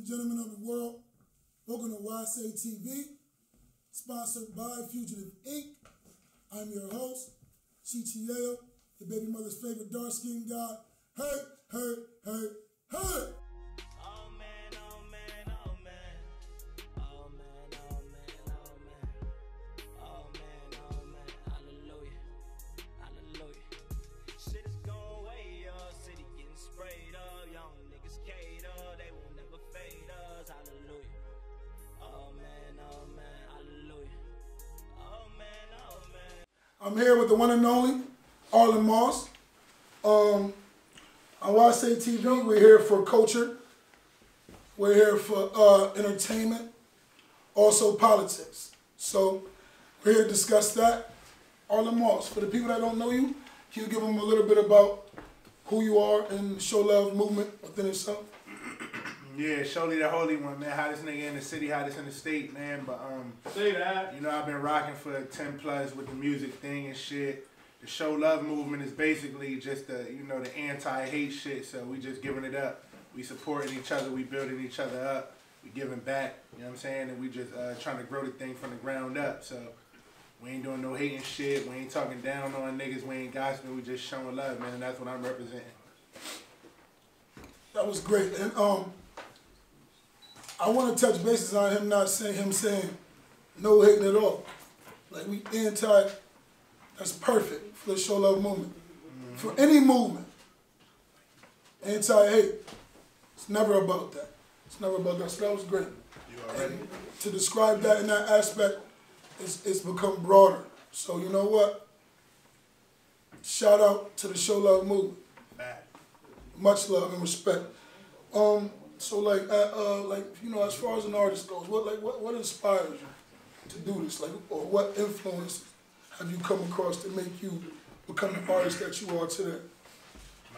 and gentlemen of the world. Welcome to YSA TV, sponsored by Fugitive Inc. I'm your host, C.T.L., the baby mother's favorite dark-skinned guy. Hey, hey, hey, hey! TV. We're here for culture. We're here for uh, entertainment, also politics. So we're here to discuss that. All Moss. for the people that don't know you, can you give them a little bit about who you are and Show Love movement within itself? Yeah, surely the Holy One, man. Hottest nigga in the city, hottest in the state, man. But um, say that. You know, I've been rocking for ten plus with the music thing and shit the show love movement is basically just the you know the anti-hate shit. So we just giving it up. We supporting each other. We building each other up. We giving back. You know what I'm saying? And we just uh, trying to grow the thing from the ground up. So we ain't doing no hating shit. We ain't talking down on niggas. We ain't gossiping. We just showing love, man. And that's what I'm representing. That was great. And um, I want to touch bases on him not saying him saying no hating at all. Like we anti that's perfect for the show love movement. For any movement. Anti-hate. It's never about that. It's never about that. So that was great. And to describe that in that aspect, it's, it's become broader. So you know what? Shout out to the show love movement. Much love and respect. Um, so like, uh, uh, like you know, as far as an artist goes, what like what, what inspires you to do this? Like, or what influences have you come across to make you become the artist that you are today?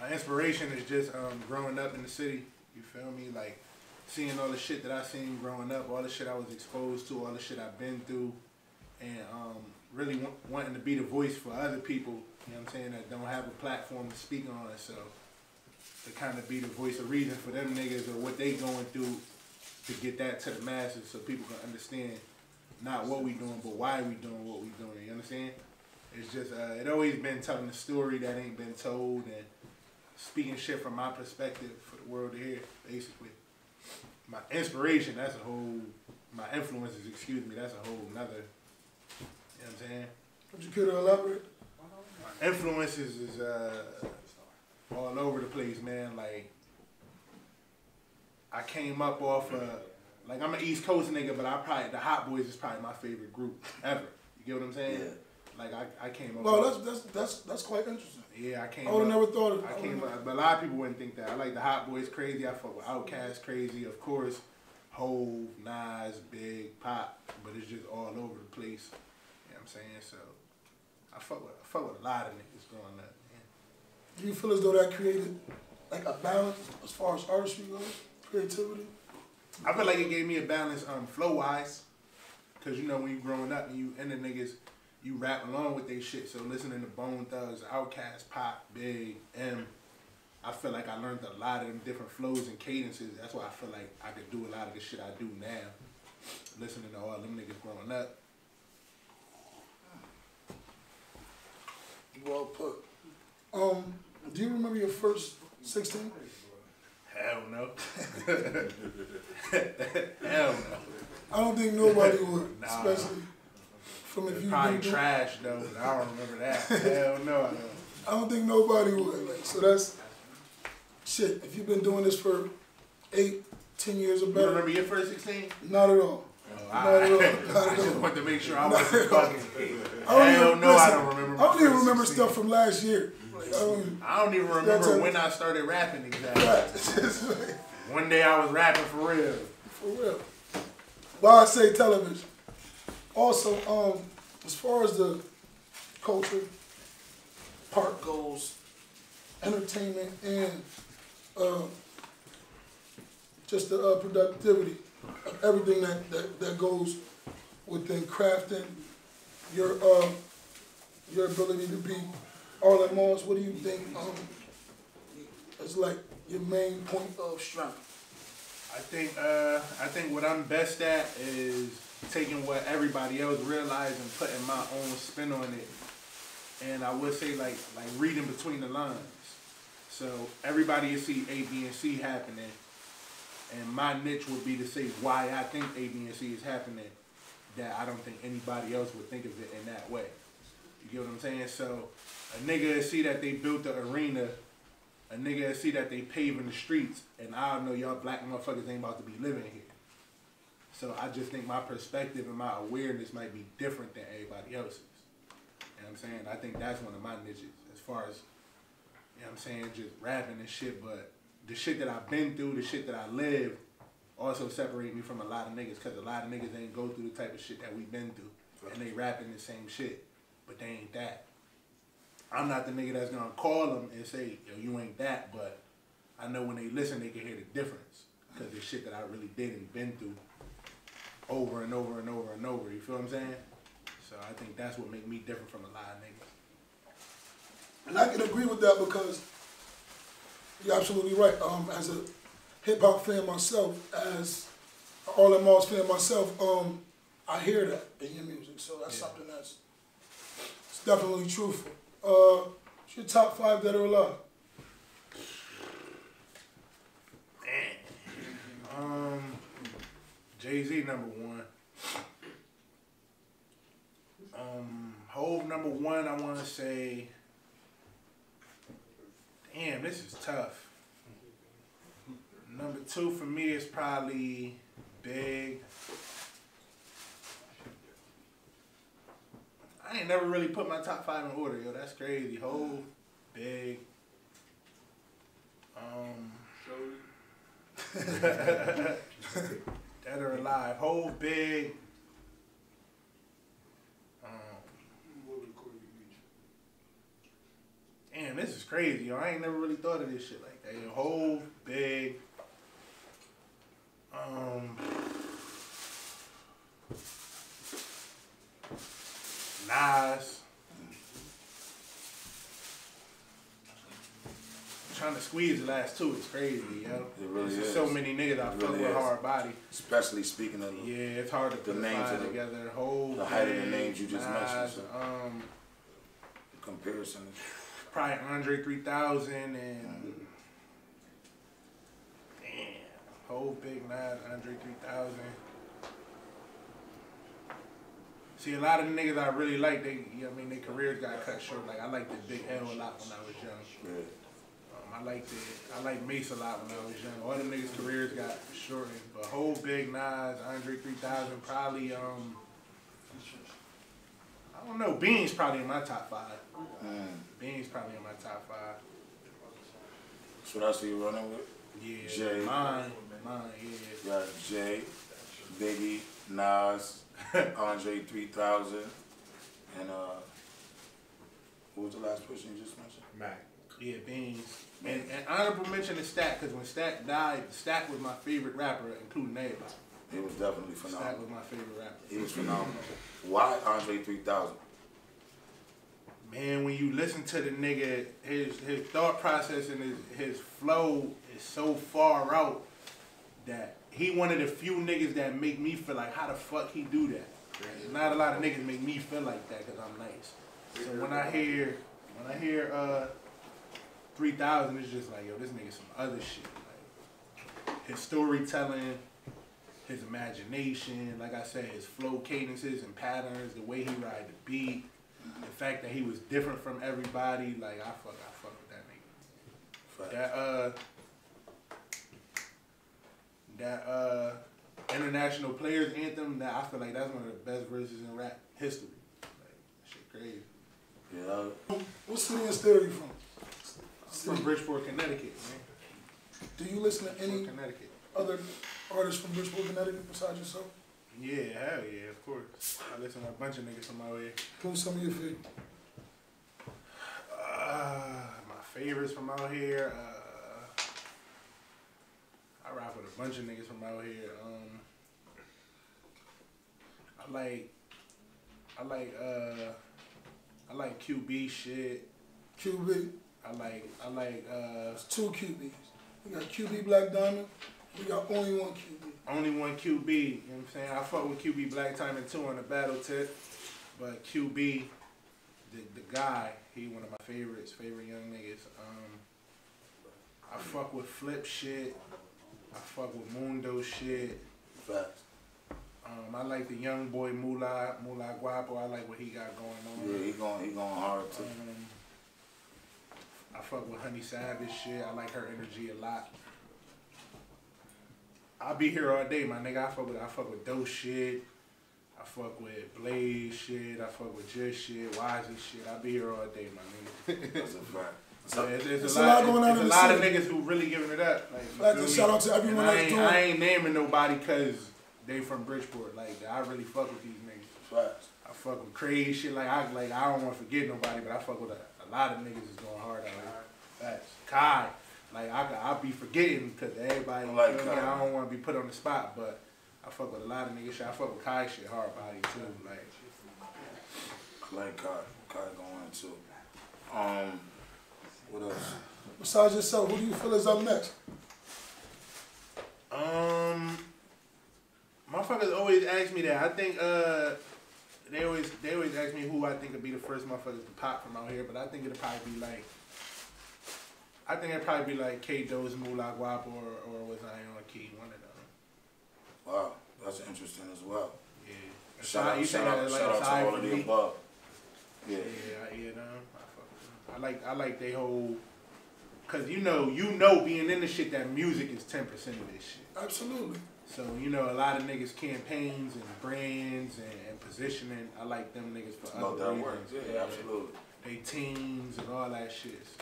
My inspiration is just um, growing up in the city. You feel me? Like seeing all the shit that I seen growing up, all the shit I was exposed to, all the shit I've been through, and um, really wanting to be the voice for other people. You know what I'm saying? That don't have a platform to speak on. So to kind of be the voice of reason for them niggas or what they going through to get that to the masses so people can understand not what we doing, but why we doing what we doing. You understand? It's just uh, it always been telling the story that ain't been told and speaking shit from my perspective for the world to hear. Basically, my inspiration. That's a whole. My influences. Excuse me. That's a whole nother. You know what I'm saying? Would you care elaborate? My influences is uh, all over the place, man. Like I came up off of like I'm an East Coast nigga, but I probably the Hot Boys is probably my favorite group ever. You get what I'm saying? Yeah. Like I, I came up. Well, that's that's that's that's quite interesting. Yeah, I came. I would have never thought of. I, I came up, but a lot of people wouldn't think that. I like the Hot Boys crazy. I fuck with Outkast crazy, of course. Hove, Nas, Big Pop, but it's just all over the place. You know what I'm saying? So I fuck with I fuck with a lot of niggas growing up. Man. Do you feel as though that created like a balance as far as artistry goes, creativity? I feel like it gave me a balance um, flow wise. Cause you know when you growing up and you and the niggas, you rap along with they shit. So listening to Bone Thugs, Outkast, Pop, Big, M, I feel like I learned a lot of them different flows and cadences. That's why I feel like I could do a lot of the shit I do now. Listening to all them niggas growing up. Well put. Um, do you remember your first sixteen? I don't know. I don't think nobody would, nah. especially from if you probably trash though. I don't remember that. Hell no, I don't. I don't think nobody would. Like, so that's shit. If you've been doing this for eight, ten years or better, you remember your first sixteen? Not at all. No, oh, not I, at all. I just want to make sure I wasn't fucking. I don't Hell even, no, listen, I don't remember. I don't even remember stuff from last year um, I don't even remember when I started rapping exactly. One day I was rapping for real. For real. Why I say television. Also, um, as far as the culture part goes, entertainment and uh, just the uh, productivity, everything that, that, that goes within crafting, your uh, your ability to be Arlen Mars, what do you think um, is like your main point of strength? I think uh, I think what I'm best at is taking what everybody else realizes and putting my own spin on it. And I would say like like reading between the lines. So everybody will see A, B, and C happening. And my niche would be to say why I think A, B, and C is happening that I don't think anybody else would think of it in that way. You get what I'm saying? So a nigga see that they built the arena. A nigga see that they paving the streets. And I know y'all black motherfuckers ain't about to be living here. So I just think my perspective and my awareness might be different than everybody else's. You know what I'm saying? I think that's one of my niches as far as, you know what I'm saying, just rapping and shit. But the shit that I've been through, the shit that I live, also separate me from a lot of niggas because a lot of niggas ain't go through the type of shit that we've been through. And they rapping the same shit, but they ain't that. I'm not the nigga that's gonna call them and say, yo, you ain't that, but I know when they listen, they can hear the difference. Because it's shit that I really did and been through over and over and over and over. You feel what I'm saying? So I think that's what make me different from a lot of niggas. And I can agree with that because you're absolutely right. Um, as a hip hop fan myself, as an All in Malls fan myself, um, I hear that in your music. So that's yeah. something that's it's definitely truthful. Uh, what's your top five that are alive? Um, Jay Z number one. Um, Hove number one. I want to say. Damn, this is tough. Number two for me is probably Big. I ain't never really put my top five in order, yo. That's crazy. Whole Big, um, Dead or Alive, Whole Big. Um, damn, this is crazy, yo. I ain't never really thought of this shit like that. Yo. Big, um. eyes. trying to squeeze the last two it's crazy, yo. It really There's is. So many niggas I fuck really with hard body. Especially speaking of yeah, it's hard to the put names the, together. The whole the height of the names you just mentioned. So. Um, the comparison. Probably Andre three thousand and mm. damn whole big nine Andre three thousand. See, a lot of the niggas I really like, they, you know I mean, their careers got cut short. Like, I liked the Big L a lot when I was young. Yeah. Um, I liked it. I liked Mace a lot when I was young. All the niggas' careers got shortened. But whole Big Nas, Andre 3000, probably, um, I don't know. Beans probably in my top five. Mm. Beans probably in my top five. That's what I see you running with. Yeah. Jay. Mine. Mine. Yeah. Got Jay, Biggie, Nas. Andre 3000, and uh, what was the last person you just mentioned? Mac. Yeah, Beans. And, and honorable mention is Stack, because when Stack died, Stack was my favorite rapper, including everybody. He was definitely phenomenal. Stack was my favorite rapper. He was phenomenal. Why Andre 3000? Man, when you listen to the nigga, his his thought process and his, his flow is so far out that he one of the few niggas that make me feel like, how the fuck he do that? Not a lot of niggas make me feel like that because I'm nice. So when I hear, when I hear uh, 3,000, it's just like, yo, this nigga some other shit. Like, his storytelling, his imagination, like I said, his flow cadences and patterns, the way he ride the beat, the fact that he was different from everybody, like I fuck, I fuck with that nigga. Fuck. That uh, that uh, international players anthem. That I feel like that's one of the best verses in rap history. Like, shit crazy. Yeah. What city and state are you from? From Bridgeport, Connecticut, man. Do you listen to any Connecticut. other artists from Bridgeport, Connecticut besides yourself? Yeah, hell yeah, of course. I listen to a bunch of niggas on my way. Who's some of your favorite? Uh, my favorites from out here. Uh, I ride with a bunch of niggas from out here. Um, I like, I like, uh, I like QB shit. QB. I like, I like. Uh, it's two QBs. We got QB Black Diamond. We got only one QB. Only one QB. You know what I'm saying? I fuck with QB Black Diamond too on the battle tip, but QB, the the guy, he one of my favorites, favorite young niggas. Um, I fuck with flip shit. I fuck with Mundo shit. Facts. Um, I like the young boy Mula Mula Guapo. I like what he got going on. Yeah, he going he going hard too. Um, I fuck with Honey Savage shit. I like her energy a lot. I'll be here all day, my nigga. I fuck with I fuck with dope shit. I fuck with Blaze shit. I fuck with Just shit, Wisey shit. I'll be here all day, my nigga. That's a fact. So a, lot, lot going on. There's a lot city. of niggas who really giving it up. Like, like shout out to everyone. I ain't, I ain't, naming nobody because they from Bridgeport. Like I really fuck with these niggas. Right. I fuck with crazy shit. Like I like I don't want to forget nobody, but I fuck with a, a lot of niggas is going hard. Like, that's Kai. Like I I be forgetting because everybody. I like Kai. I don't want to be put on the spot, but I fuck with a lot of niggas. Shit. I fuck with Kai shit hard body too. Like. like Kai. Kai going too. Um. What else? Besides yourself, who do you feel is up next? Um, motherfuckers always ask me that. I think uh, they always they always ask me who I think would be the first motherfuckers to pop from out here, but I think it'd probably be like. I think it'd probably be like K Do's Moolah Guap or or was I on Key one of them. Wow, that's interesting as well. Yeah. Shout, shout out, shout out, shout out to all of the above. Yeah. Yeah, yeah, no. I like I like they whole cause you know you know being in the shit that music is ten percent of this shit. Absolutely. So you know a lot of niggas campaigns and brands and, and positioning. I like them niggas for other that reasons. Yeah, yeah, absolutely. They teams and all that shit. So.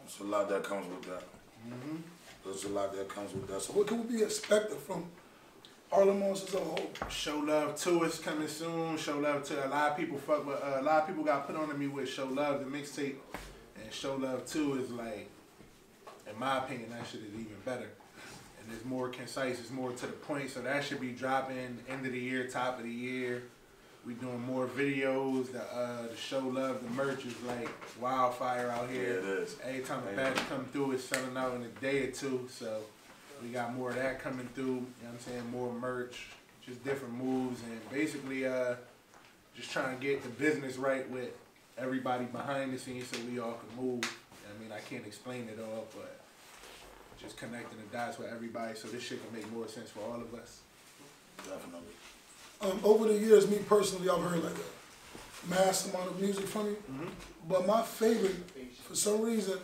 There's a lot that comes with that. Mm-hmm. There's a lot that comes with that. So what can we be expected from Harlem Monsters a whole. Show love to us coming soon. Show love to a lot of people. Fuck with uh, a lot of people got put on to me with show love the mixtape, and show love two is like, in my opinion, that shit is even better. And it's more concise. It's more to the point. So that should be dropping end of the year, top of the year. We doing more videos. The uh, the show love, the merch is like wildfire out here. Yeah, it is. Every time the batch come through, it's selling out in a day or two. So. We got more of that coming through, you know what I'm saying? More merch, just different moves, and basically uh, just trying to get the business right with everybody behind the scenes so we all can move. I mean, I can't explain it all, but just connecting the dots with everybody so this shit can make more sense for all of us. Definitely. Um, over the years, me personally, I've heard like a mass amount of music from you, mm -hmm. but my favorite, for some reason,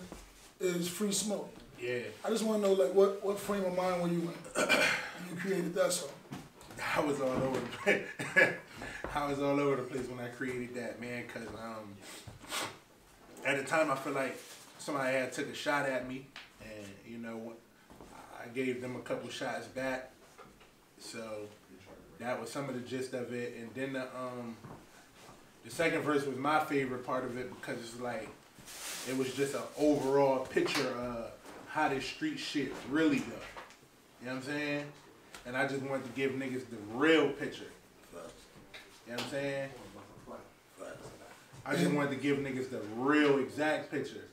is Free Smoke. Yeah. I just want to know, like, what, what frame of mind were you in when you created that song? I was all over the place. I was all over the place when I created that, man, because um, at the time I feel like somebody had took a shot at me, and, you know, I gave them a couple shots back. So that was some of the gist of it. And then the, um, the second verse was my favorite part of it because it's like, it was just an overall picture of how this street shit really go. You know what I'm saying? And I just wanted to give niggas the real picture. You know what I'm saying? I just wanted to give niggas the real exact picture.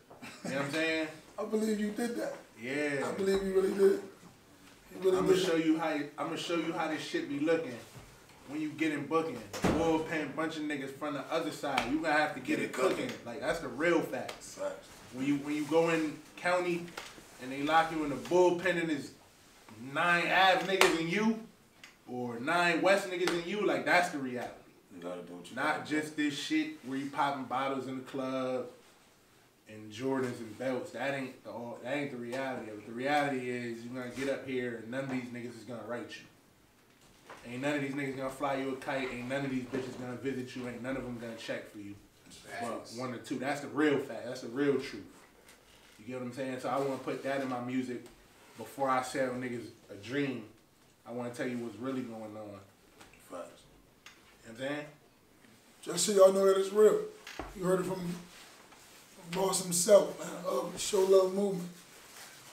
You know what I'm saying? I believe you did that. Yeah. I believe you really did. You really I'm gonna show you how I'm gonna show you how this shit be looking when you get in booking. Bullpen bunch of niggas from the other side. You gonna have to get, get it cooking. cooking. Like that's the real facts. Right. When you when you go in county and they lock you in the bullpen and it's nine Av niggas in you or nine West niggas in you, like that's the reality. Not just this shit where you popping bottles in the club and Jordans and belts. That ain't the all, that ain't the reality of it. The reality is you're gonna get up here and none of these niggas is gonna write you. Ain't none of these niggas gonna fly you a kite. Ain't none of these bitches gonna visit you. Ain't none of them gonna check for you. But one or two. That's the real fact. That's the real truth. You get what I'm saying? So I want to put that in my music before I sell niggas a dream. I want to tell you what's really going on. Facts. You know what I'm saying? Just so y'all know that it's real. You heard it from boss himself, man, of the Show Love Movement.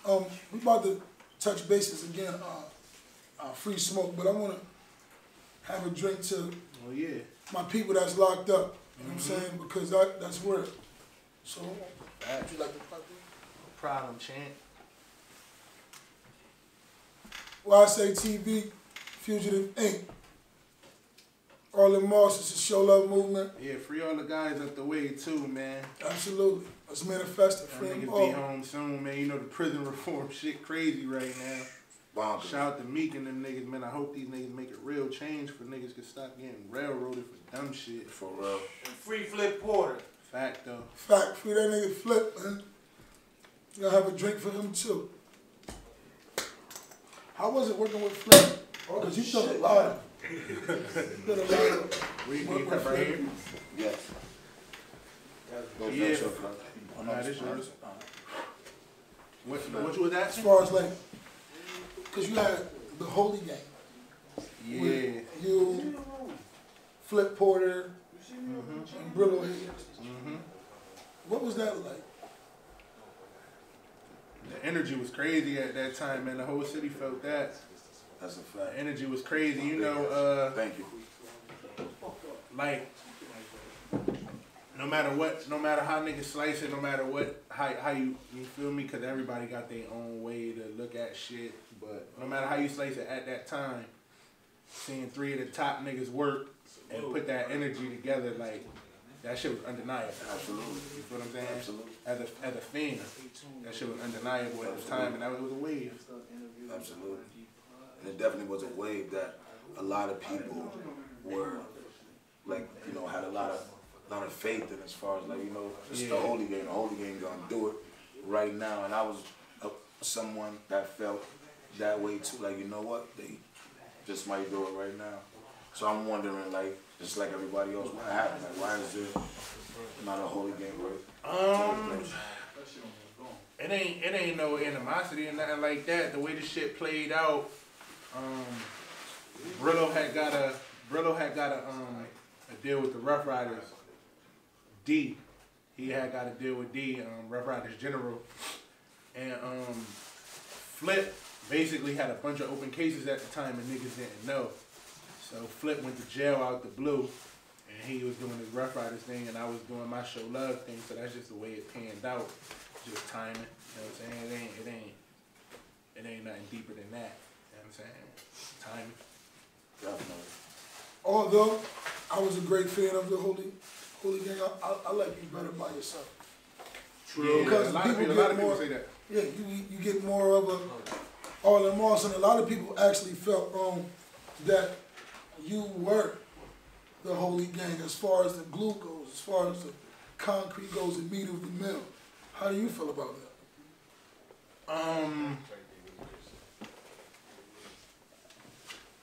Um, we about to touch bases again, uh, uh, free smoke, but I want to have a drink to oh, yeah. my people that's locked up. You know mm -hmm. what I'm mm-hmm. saying? Because that, that's real. So, would you like to problem, champ. Well, I say TV, Fugitive Inc. Arlen Moss it's a show love movement. Yeah, free all the guys up the way too, man. Absolutely. Let's manifest it. Free them all. be home soon, man. You know the prison reform shit crazy right now. Bonkers. Shout out to Meek and them niggas, man. I hope these niggas make a real change for niggas can stop getting railroaded for dumb shit. For real. And free Flip Porter. Fact though. Fact. Free that nigga Flip, man. Gotta have a drink for him too. How was it working with Flip? Oh, because you took a lot. did a lot of we work with Flip. Yes. Yeah. yeah. Oh, no, uh, what, what you was asking? As far as like, because you had the Holy Gang. Yeah. you, Flip Porter, mm -hmm. and Brillo Higgins. Mm -hmm. What was that like? the energy was crazy at that time, man. The whole city felt that. That's a fact. The energy was crazy, you know. Uh, Thank you. Like, no matter what, no matter how niggas slice it, no matter what, how, how you, you feel me? Because everybody got their own way to look at shit. But no matter how you slice it at that time, seeing three of the top niggas work and put that energy together, like, that shit was undeniable. Absolutely. You feel what I'm saying? Absolutely. As a, as a fan, that shit was undeniable Absolutely. at the time, and that was a wave. Absolutely. And it definitely was a wave that a lot of people were, like, you know, had a lot of lot of faith in as far as, like, you know, it's yeah. the holy game. The holy game going to do it right now. And I was a, someone that felt that way, too. Like, you know what? They just might do it right now. So I'm wondering, like, just like everybody else, what happened? Like, why is this not a holy game, right? Um, it ain't it ain't no animosity or nothing like that. The way the shit played out, um, Brillo had got a Brillo had got a um a deal with the Rough Riders. D, he had got a deal with D, um, Rough Riders General, and um, Flip basically had a bunch of open cases at the time and niggas didn't know. So Flip went to jail out the blue, and he was doing his Rough Riders thing, and I was doing my Show Love thing. So that's just the way it panned out, just timing. You know what I'm saying? It ain't, it ain't, it ain't nothing deeper than that. You know what I'm saying? Timing. Definitely. Although I was a great fan of the Holy, Holy Gang, I, I, I like you better by yourself. True. Yeah, because a lot, people, of, a lot of people say that. Yeah, you you get more of a all in all, and a lot of people actually felt um, that you were the holy gang as far as the glue goes, as far as the concrete goes, the meat of the mill. How do you feel about that? Um,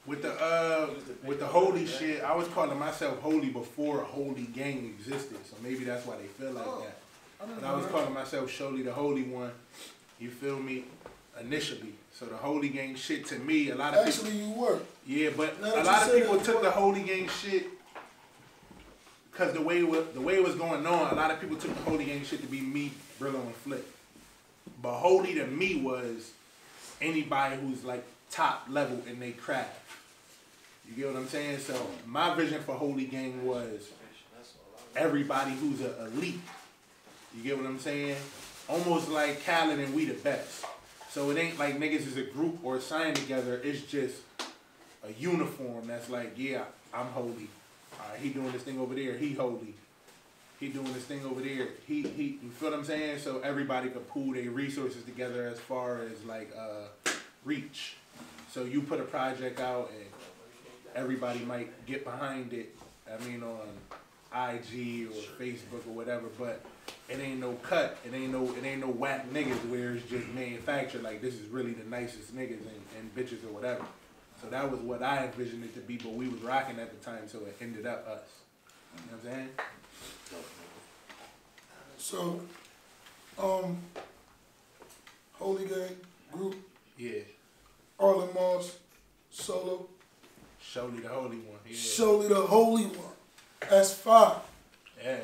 with the uh, with the holy shit, I was calling myself holy before holy gang existed, so maybe that's why they feel like oh, that. I, I was calling myself Sholly, the Holy One. You feel me? Initially, so the holy gang shit to me, a lot of actually people, you were yeah, but a lot of people took the Holy Gang shit because the way it was, the way it was going on, a lot of people took the Holy Gang shit to be me, Brillo, and Flip. But holy to me was anybody who's like top level in their craft. You get what I'm saying? So my vision for holy gang was everybody who's an elite. You get what I'm saying? Almost like Khaled and we the best. So it ain't like niggas is a group or a sign together. It's just a uniform that's like, yeah, I'm holy. he doing this thing over there, he holy. He doing this thing over there, he he. You feel what I'm saying? So everybody could pool their resources together as far as like uh, reach. So you put a project out and everybody might get behind it. I mean on IG or Facebook or whatever, but it ain't no cut. It ain't no it ain't no whack niggas where it's just manufactured. Like this is really the nicest niggas and, and bitches or whatever. So that was what I envisioned it to be, but we was rocking at the time, so it ended up us. You know what I'm saying? So, um, Holy Gang group. Yeah. Arlen Moss solo. Surely the holy one. Yeah. Surely the holy one. That's fire. Yeah.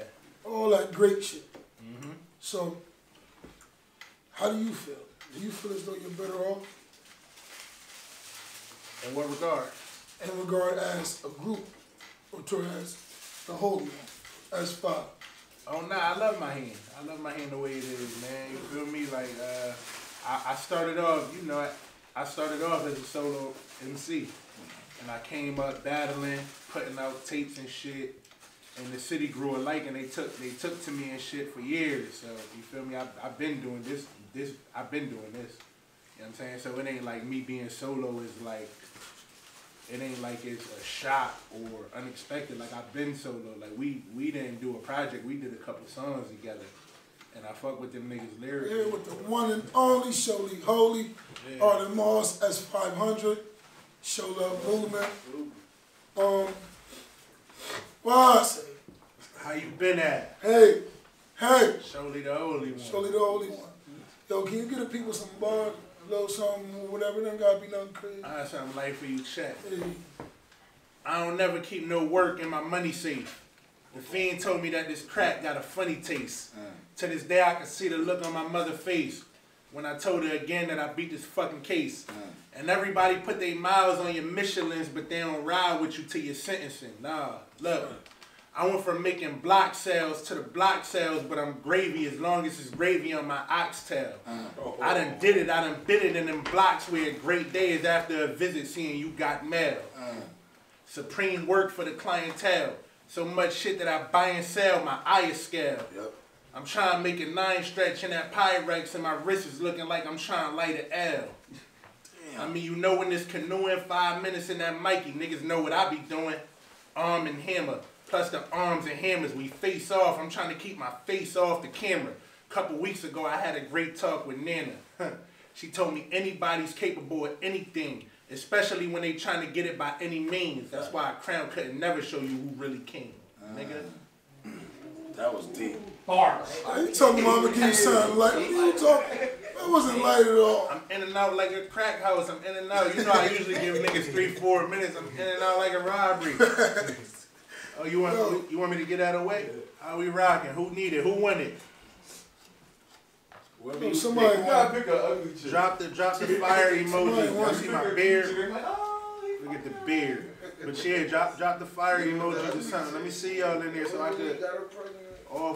All that great shit. Mm-hmm. So, how do you feel? Do you feel as though you're better off? In what regard? In regard as a group, or towards the whole man, as spot. Oh nah, I love my hand. I love my hand the way it is, man. You feel me? Like uh, I, I started off, you know, I started off as a solo MC, and I came up battling, putting out tapes and shit. And the city grew like, and they took they took to me and shit for years. So you feel me? I, I've been doing this this I've been doing this. You know what I'm saying? So it ain't like me being solo is like it ain't like it's a shock or unexpected. Like I've been solo. Like we we didn't do a project. We did a couple songs together, and I fuck with them niggas lyrics. Yeah, with the one and only Sholi Holy, yeah. Arden Moss S five hundred, Show Love Movement. Um, Ross. How you been at? Hey, hey. Sholi the holy one. Sholi the holy one. Yo, can you get the people some bars? little something or whatever. It not gotta be nothing crazy. I got something for you, check. Hey. I don't never keep no work in my money safe. The fiend told me that this crack got a funny taste. Mm. To this day, I can see the look on my mother's face when I told her again that I beat this fucking case. Mm. And everybody put their miles on your Michelin's, but they don't ride with you till your sentencing. Nah, look. I went from making block sales to the block sales, but I'm gravy as long as it's gravy on my oxtail. uh I done did it. I done bit it in them blocks where great days after a visit seeing you got mail. uh Supreme work for the clientele. So much shit that I buy and sell, my eye is scale. Yep. I'm trying to make a nine stretch in that Pyrex and my wrist is looking like I'm trying to light an L. Damn. I mean, you know when this canoeing five minutes in that Mikey, niggas know what I be doing. Arm and hammer plus the arms and hammers. We face off. I'm trying to keep my face off the camera. A couple weeks ago, I had a great talk with Nana. she told me anybody's capable of anything, especially when they trying to get it by any means. That's why a crown couldn't never show you who really king, uh, nigga. That was deep. Bars. Are you talking about I'm going you like you talking? That wasn't light at all. I'm in and out like a crack house. I'm in and out. You know I usually give niggas three, four minutes. I'm in and out like a robbery. Oh, you want Yo. you want me to get out of the way? Yeah. How we rocking? Who need it? Who won it? What Yo, somebody gotta pick an ugly chick. Drop the drop the fire emoji. You see my beard? Like, oh, Look at the beard. But yeah, drop drop the fire emoji or something. Let me see y'all in there so I could. Oh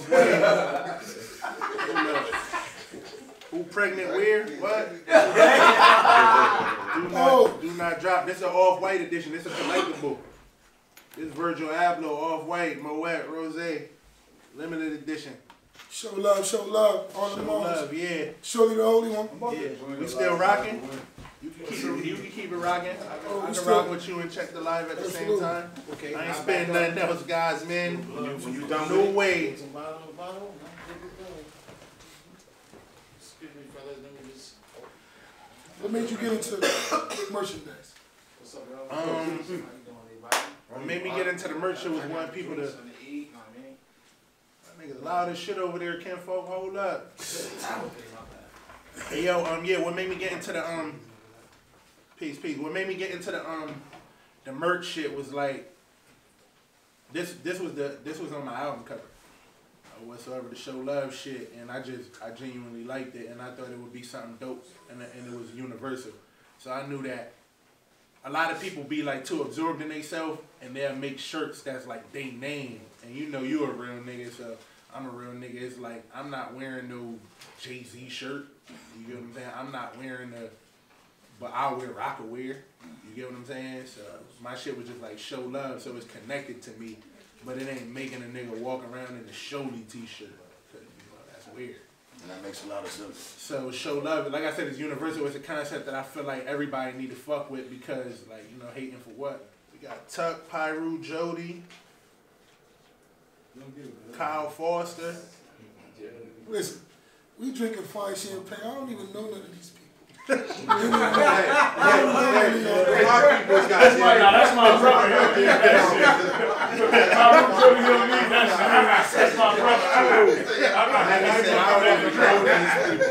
boy. Who pregnant where? What? do, not, do not drop. This is an off-white edition. This is a collectible. This Virgil Abloh, Off-White, Moet, Rosé, limited edition. Show love, show love. All show the moms. love, yeah. you the holy one. Yeah. We still rocking. You can keep it, you can keep it rocking. I can, oh, I can rock with you and check the live at the same time. Okay. I ain't spending nothing else, guys, man. When you, when you done no with way. what made you get into merchandise? What's up, bro? Um, what made me get into the merch shit was wanting people to. That nigga loud as shit over there, Ken Folk, hold up. hey, yo, um, yeah, what made me get into the, um, peace, peace. What made me get into the, um, the merch shit was like, this, this was the, this was on my album cover uh, whatsoever to show love shit, and I just I genuinely liked it, and I thought it would be something dope, and, and it was universal. So I knew that a lot of people be like too absorbed in themselves and they'll make shirts that's like they name. And you know you a real nigga, so I'm a real nigga. It's like I'm not wearing no Jay Z shirt. You get what I'm saying? I'm not wearing a but I wear rocker wear. You get what I'm saying? So my shit was just like show love, so it's connected to me. But it ain't making a nigga walk around in a showy t-shirt. you know, that's weird. And that makes a lot of sense. So show love, like I said, it's universal. It's a concept that I feel like everybody need to fuck with because, like, you know, hating for what? We got Tuck, Pyru, Jody, Kyle Foster. Listen, we drinking fire champagne. I don't even know none of these people that's my, that's my brother. my That's my brother. i to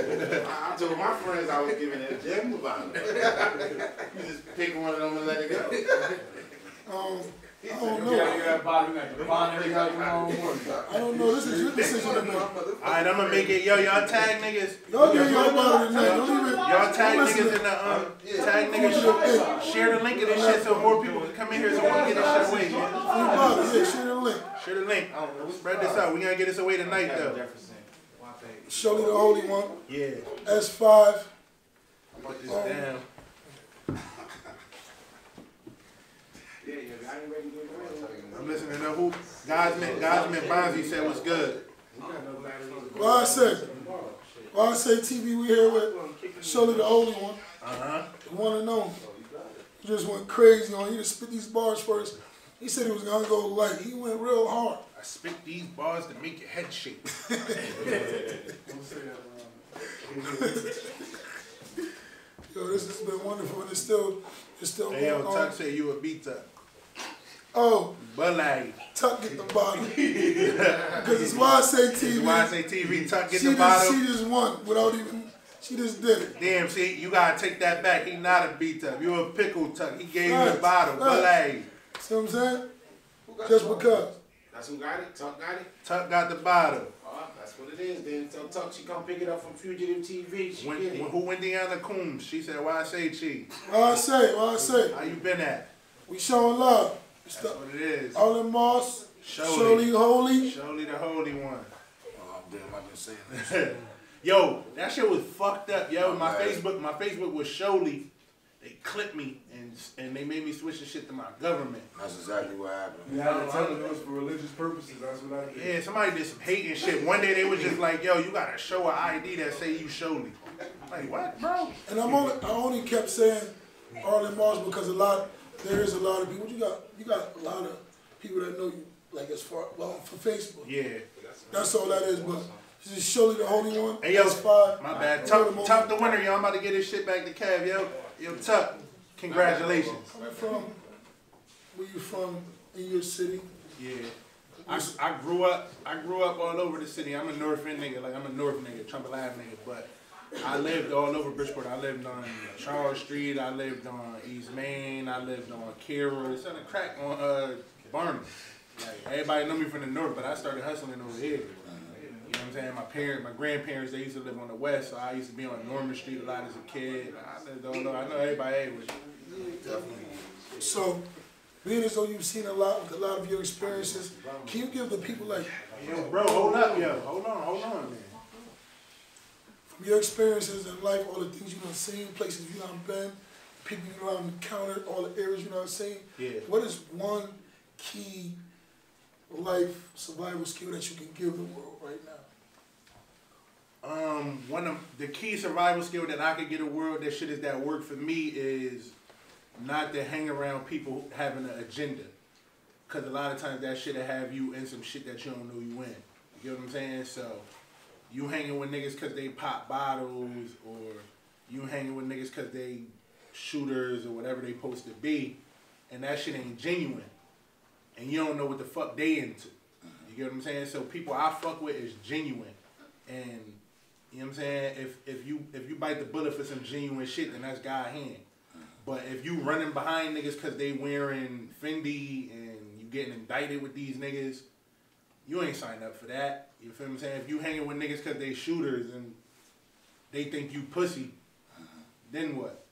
told my friends I was giving them. a gem about it. You just pick one of them and let it go. Um, I don't know. I don't know. This is your decision to make. All right, I'm gonna make it. Yo, y'all tag niggas. Y'all y'all bother tonight. Y'all tag niggas in the um. Tag niggas. Share the link of this shit so more people can come in here so we can get this shit away. Yeah, share the link. Share the link. Spread this out. We gonna get this away tonight though. Show me the holy one. Yeah. S five. Put this um, down. I'm listening to who? God's man, God's man Bonzi said was good. Well, I said, well, I said, TV, we here with Shirley, the only one. Uh-huh. The one and only. Just went crazy on. He just spit these bars first. He said he was going to go light. He went real hard. I spit these bars to make your head shake. Yo, this has been wonderful, and it's still, it's still. Hey, yo, Tuck said you a beat up. Oh. But like. Tuck get the bottle. Because it's why I say TV. It's why I say TV. Tuck get she the just, bottle. She just won without even. She just did it. Damn, see, you gotta take that back. He not a beat up. You a pickle tuck. He gave you the bottle. But like. See what I'm saying? Just because. That's who got it? Tuck got it? Tuck got the bottle. Ah, that's what it is. Then tell Tuck she come pick it up from Fugitive TV. She when, it. who Indiana Coombs? She said, why I say she? Why I say? Why I say? How you been at? We showing love. That's what it is. Olin Moss, surely holy. Surely the holy one. Oh, damn, I that. yo, that shit was fucked up. Yo, my Facebook, my Facebook was surely. They clipped me and and they made me switch the shit to my government. That's exactly what happened. Yeah, I tell it was for religious purposes. That's what I did. Yeah, somebody did some hate and shit. One day they was just like, "Yo, you gotta show an ID that say you surely." Like what, bro? And I'm only I only kept saying Arlen Mars because a lot there is a lot of people. You got you got a lot of people that know you, like as far well for Facebook. Yeah, that's all that is. But this is surely the holy one. Hey yo, five. my bad. Top, the top the winner, y'all. I'm about to get this shit back to Cav, yo. Yo, Tuck, congratulations. Coming from where you from in your city? Yeah. I, I grew up I grew up all over the city. I'm a North End nigga, like I'm a North nigga, Trumpet Live nigga, but I lived all over Bridgeport. I lived on Charles Street. I lived on East Main. I lived on It's on the crack on uh, Barnum. Like, everybody knew me from the north, but I started hustling over here. You know what I'm saying? My parents, my grandparents, they used to live on the west, so I used to be on Norman Street a lot as a kid. I don't know. I know everybody was definitely. So, being as though you've seen a lot, a lot of your experiences, can you give the people like, yo, bro, hold up, yo, hold on, hold on, man your experiences in life, all the things you've seen, places you've been, people you've encountered, all the areas you've done seen. Yeah. What is one key life survival skill that you can give the world right now? Um, one of the key survival skill that I could give the world that shit is that work for me is not to hang around people having an agenda. Cause a lot of times that shit'll have you in some shit that you don't know you in. You get what I'm saying? So you hanging with niggas because they pop bottles or you hanging with niggas because they shooters or whatever they supposed to be, and that shit ain't genuine, and you don't know what the fuck they into. You get what I'm saying? So people I fuck with is genuine, and you know what I'm saying. If if you if you bite the bullet for some genuine shit, then that's God hand. But if you running behind niggas because they wearing Fendi and you getting indicted with these niggas you ain't signed up for that. You feel what I'm saying? If you hanging with niggas because they shooters and they think you pussy, then what?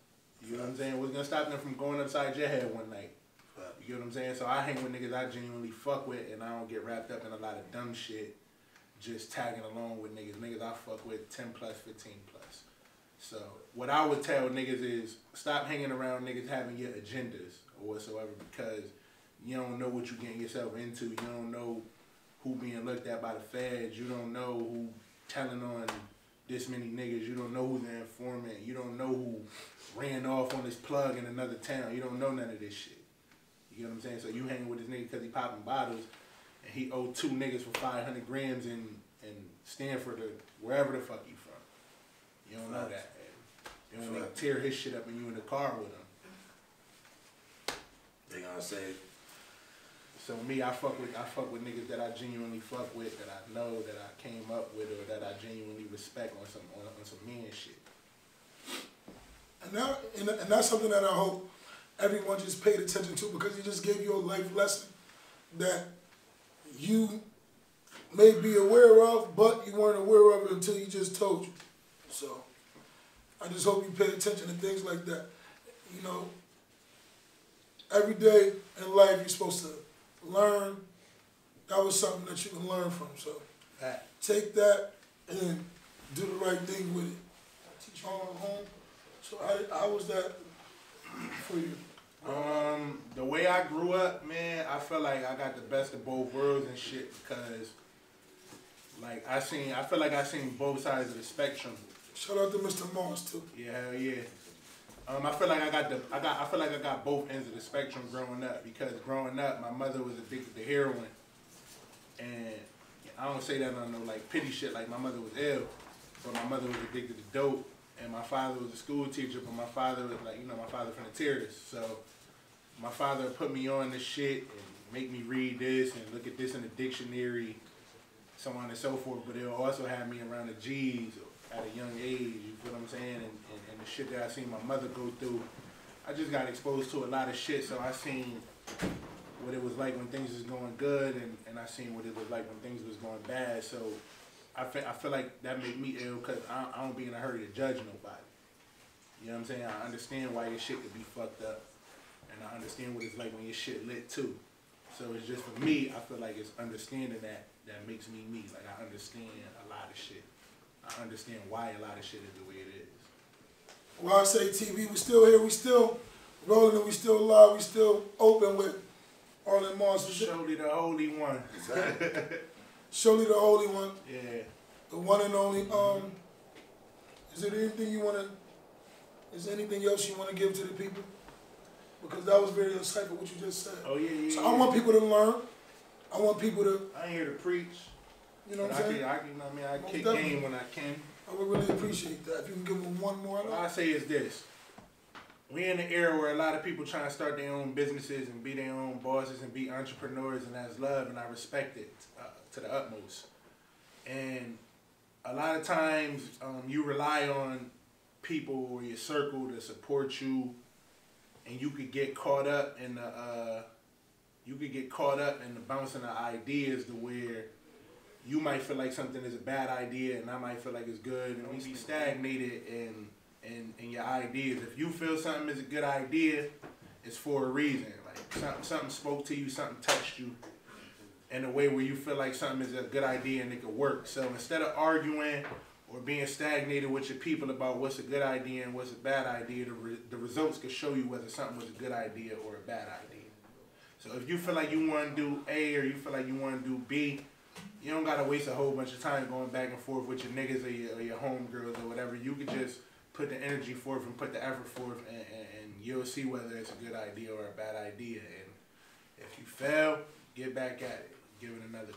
You know what I'm saying? What's gonna stop them from going upside your head one night? You know what I'm saying? So I hang with niggas I genuinely fuck with, and I don't get wrapped up in a lot of dumb shit. Just tagging along with niggas, niggas I fuck with ten plus, fifteen plus. So what I would tell niggas is stop hanging around niggas having your agendas or whatsoever because you don't know what you're getting yourself into. You don't know who being looked at by the feds. You don't know who telling on this many niggas. You don't know who the informant. You don't know who ran off on this plug in another town. You don't know none of this shit. You know what I'm saying? So you hanging with this nigga because he popping bottles, and he owed two niggas for 500 grams in, in Stanford or wherever the fuck you from. You don't know that. And Then when they tear his shit up and you in the car with him. They gonna say so me, I fuck with I fuck with niggas that I genuinely fuck with, that I know, that I came up with, or that I genuinely respect on some on, on some men shit. And that and, and that's something that I hope everyone just paid attention to because he just gave you a life lesson that you may be aware of, but you weren't aware of it until he just told you. So I just hope you pay attention to things like that. You know, every day in life you're supposed to learn. That was something that you can learn from. So right. take that and do the right thing with it. Teach all home. So how how was that for you. Um, the way I grew up, man, I felt like I got the best of both worlds and shit because, like, I seen, I feel like I seen both sides of the spectrum. Shout out to Mr. Moss too. Yeah, hell yeah. Um, I feel like I got the I got I feel like I got both ends of the spectrum growing up because growing up my mother was addicted to heroin, and I don't say that on no like pity shit. Like my mother was ill, but my mother was addicted to dope, and my father was a school teacher, but my father was like you know my father from the terrorists. So my father put me on this shit and make me read this and look at this in the dictionary, so on and so forth. But it also had me around the G's at a young age. You feel what I'm saying? And, and shit that I seen my mother go through. I just got exposed to a lot of shit, so I seen what it was like when things was going good, and, and I seen what it was like when things was going bad. So I feel, I feel like that made me ill because I, I don't be in a hurry to judge nobody. You know what I'm saying? I understand why your shit could be fucked up, and I understand what it's like when your shit lit too. So it's just for me, I feel like it's understanding that that makes me me. Like I understand a lot of shit. I understand why a lot of shit is the way it is. Why I say TV, we still here, we still rolling, and we still live, we still open with all Arlen Moss. Surely the Holy One. Exactly. Surely the Holy One. Yeah. The one and only. Um, is there anything you wanna? Is there anything else you wanna give to the people? Because that was very insightful what you just said. Oh yeah, yeah. So yeah. I want people to learn. I want people to. I ain't here to preach. You know what I'm saying? I can, I can, I mean, I Most kick definitely. game when I can. I would really appreciate that. If you can give them one more. What I say is this. We in an era where a lot of people trying to start their own businesses and be their own bosses and be entrepreneurs and that's love and I respect it uh, to the utmost. And a lot of times um, you rely on people or your circle to support you and you could get caught up in the uh, you could get caught up in the bouncing of ideas to where you might feel like something is a bad idea and I might feel like it's good and Don't we be stagnated in, in in your ideas. If you feel something is a good idea, it's for a reason. Like something something spoke to you, something touched you in a way where you feel like something is a good idea and it could work. So instead of arguing or being stagnated with your people about what's a good idea and what's a bad idea, the, re the results could show you whether something was a good idea or a bad idea. So if you feel like you want to do A or you feel like you want to do B, you don't gotta waste a whole bunch of time going back and forth with your niggas or your, or your homegirls or whatever. You could just put the energy forth and put the effort forth, and, and, and, you'll see whether it's a good idea or a bad idea. And if you fail, get back at it. Give it another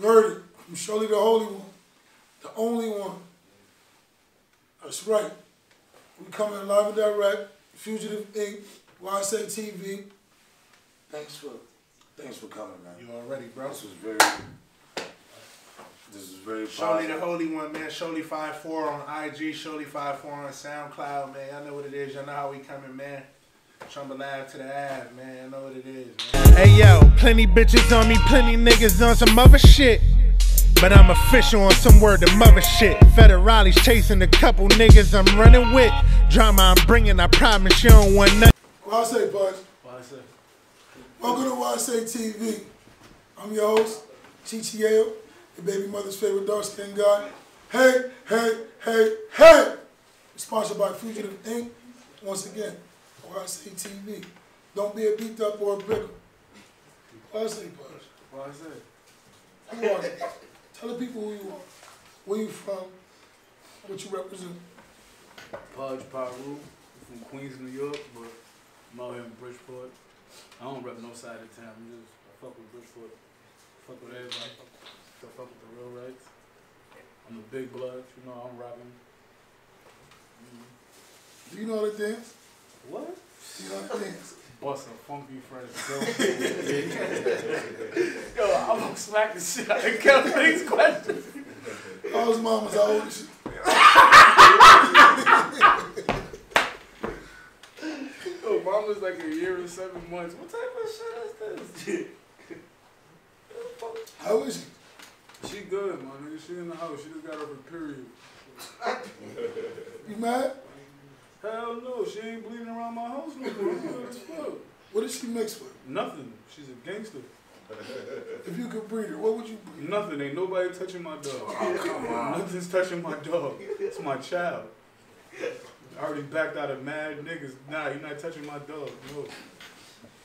go. it. I'm surely the holy one, the only one. That's right. We coming live and direct, Fugitive Inc., YSA TV. Thanks for Thanks for coming, man. You already, bro. This was very. This is very. Sholi the holy one, man. Sholi five four on IG. Sholi five four on SoundCloud, man. Y'all know what it is. Y'all know how we coming, man. Trumba live to the ad, man. I know what it is, man. Hey yo, plenty bitches on me, plenty niggas on some other shit. But I'm official on some word of mother shit. Federale's chasing a couple niggas I'm running with. Drama I'm bringing, I promise you don't want nothing. What I say, bud. Well, I say. Welcome to Why TV. I'm your host, Chichiel, your baby mother's favorite dark skin guy. Hey, hey, hey, hey! Sponsored by Fugitive Inc. Once again, Why TV. Don't be a beat up or a bicker. Why Say, Posh? Say? Who are you? Tell the people who you are, where you from, what you represent. Pudge Paru, from Queens, New York, but I'm out here in Bridgeport. I don't rep no side of town. I'm just fuck with Bridgeport. Fuck with everybody. So fuck with the real rights. I'm the big blood. You know I'm rapping. Mm. Do you know how to dance? What? Do you know how to dance? Bust a funky friends. Yo, I'm gonna smack the shit out of Kevin for these questions. How's mama's? How old almost like a year and seven months. What type of shit is this? How is she? She good, my nigga. She in the house. She just got over period. you mad? Hell no. She ain't bleeding around my house no more. what is she mixed with? Nothing. She's a gangster. If you could breed her, what would you breed? Nothing. Ain't nobody touching my dog. Oh, Nothing's touching my dog. It's my child. I already backed out of mad niggas. Nah, you're not touching my dog. No.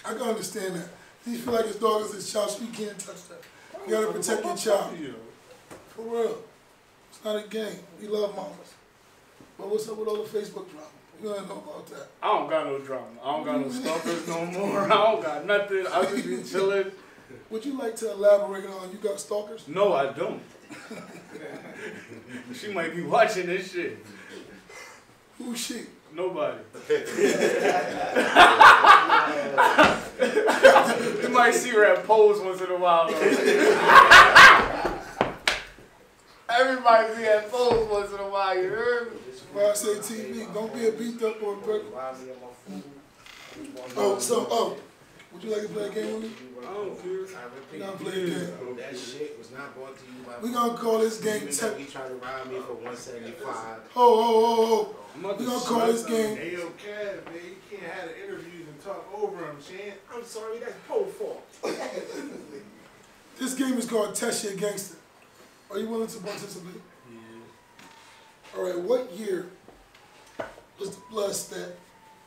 I can understand that. He feel like his dog is his child, so you can't touch that. You gotta protect your child. For real. It's not a game. We love mamas. But what's up with all the Facebook drama? You don't know about that. I don't got no drama. I don't got no stalkers no more. I don't got nothing. I just be chilling. Would you like to elaborate on you got stalkers? No, I don't. she might be watching this shit. Who she? Nobody. you might see her at poles once in a while. Everybody be at poles once in a while, you heard me? Well, I say TV, don't be a beat up on brother. Oh, so, oh, would you like to play a game with me? I don't care. I repeat, don't that. shit was not brought to you by. We gonna call this game. Even though try to rob me for one seventy five. Oh oh oh we gonna call this game. Hey yo, Kev, man, you can't have the interviews and talk over them, Shan. I'm sorry, that's Poe's fault. this game is called Test Your Gangster. Are you willing to participate? Yeah. All right. What year was the blood set?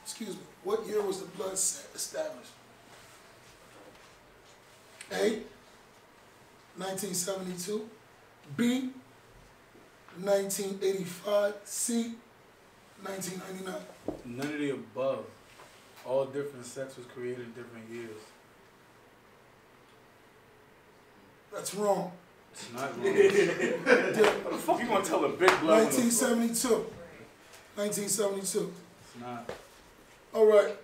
Excuse me. What year was the blood set established? A, 1972, B, 1985, C, 1999? None of the above. All different sex was created in different years. That's wrong. It's not wrong. the fuck you gonna tell a big blood? 1972. 1972. It's not. All right.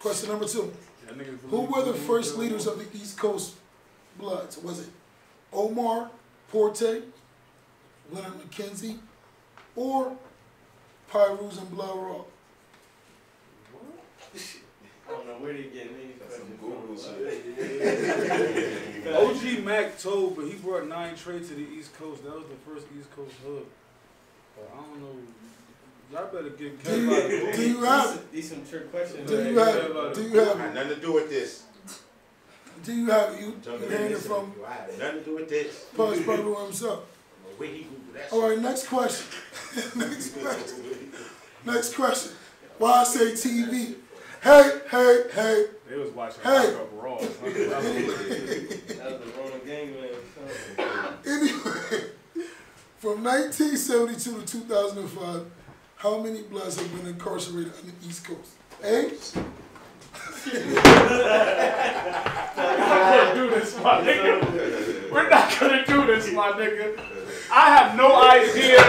Question number two. Who were the first leaders of the East Coast Bloods? Was it Omar Porte, Leonard McKenzie, or Pyrus and Blood Rock? I don't know where they getting these some Google shit. OG Mac told, but he brought nine trades to the East Coast. That was the first East Coast hub. But I don't know Y'all better get Do you, do you have these, some trick questions? Do you have? Do you have? nothing to do with this. Do you have you hearing from? nothing to do with this. Punch Purple himself. All right, next question. next question. next question. Why I say TV? Hey, hey, hey. They was watching hey. Rock Raw. that was the Rona Gangland. Anyway, from 1972 to 2005. How many blacks have been incarcerated on the East Coast? Eight? We're not gonna do this, my nigga. We're not gonna do this, my nigga. I have no idea.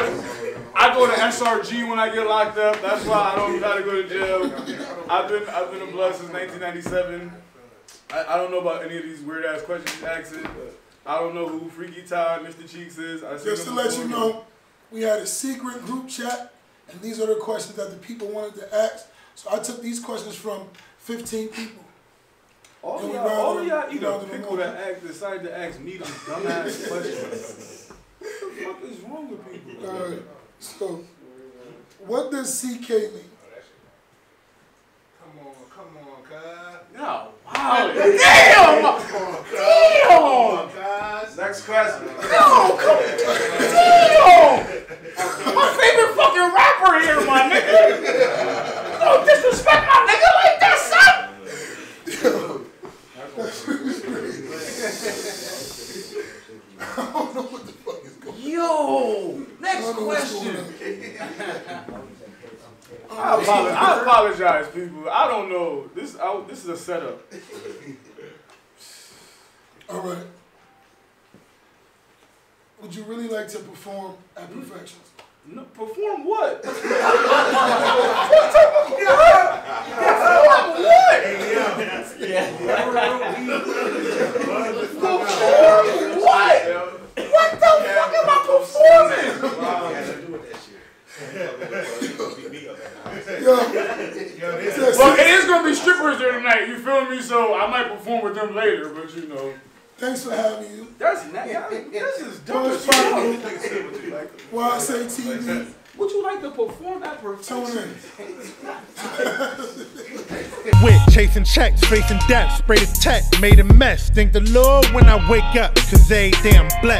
I go to SRG when I get locked up. That's why I don't try to go to jail. I've been I've been a blood since 1997. I, I don't know about any of these weird ass questions you are asking. I don't know who Freaky Todd, Mr. Cheeks is. I Just to let you know, we had a secret group chat and these are the questions that the people wanted to ask. So I took these questions from 15 people. All and y'all, all them, y'all either pickle that act, decided to ask me these dumbass questions. what the fuck is wrong with people? All right. So, what does CK mean? Come on, come on, God. No. Wow. Damn. On, Damn. On, Next question. No, come on. Damn my nigga. Don't disrespect my nigga like that, son. Yo, next question. I apologize, I apologize, people. I don't know. This I, this is a setup. All right. Would you really like to perform at Perfections? No, perform what? what type of what? Perform what? Yeah. yeah. perform what? What the fuck am I performing? Yo. Well, it is gonna be strippers there tonight. You feel me? So I might perform with them later, but you know. Thanks for having you. That's not. That's just dumb as fuck. Why say TV? Would you like to perform that perfection? With chasing checks, facing death, spray the tech, made a mess. Thank the Lord when I wake up, cause they damn black. blessed.